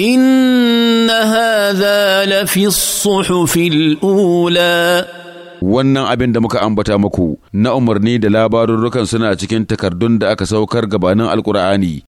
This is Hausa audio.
إن هذا لفي الصحف الأولى wannan abin da muka ambata muku na umarni da labarurrukan suna cikin takardun da aka saukar gabanin alkur'ani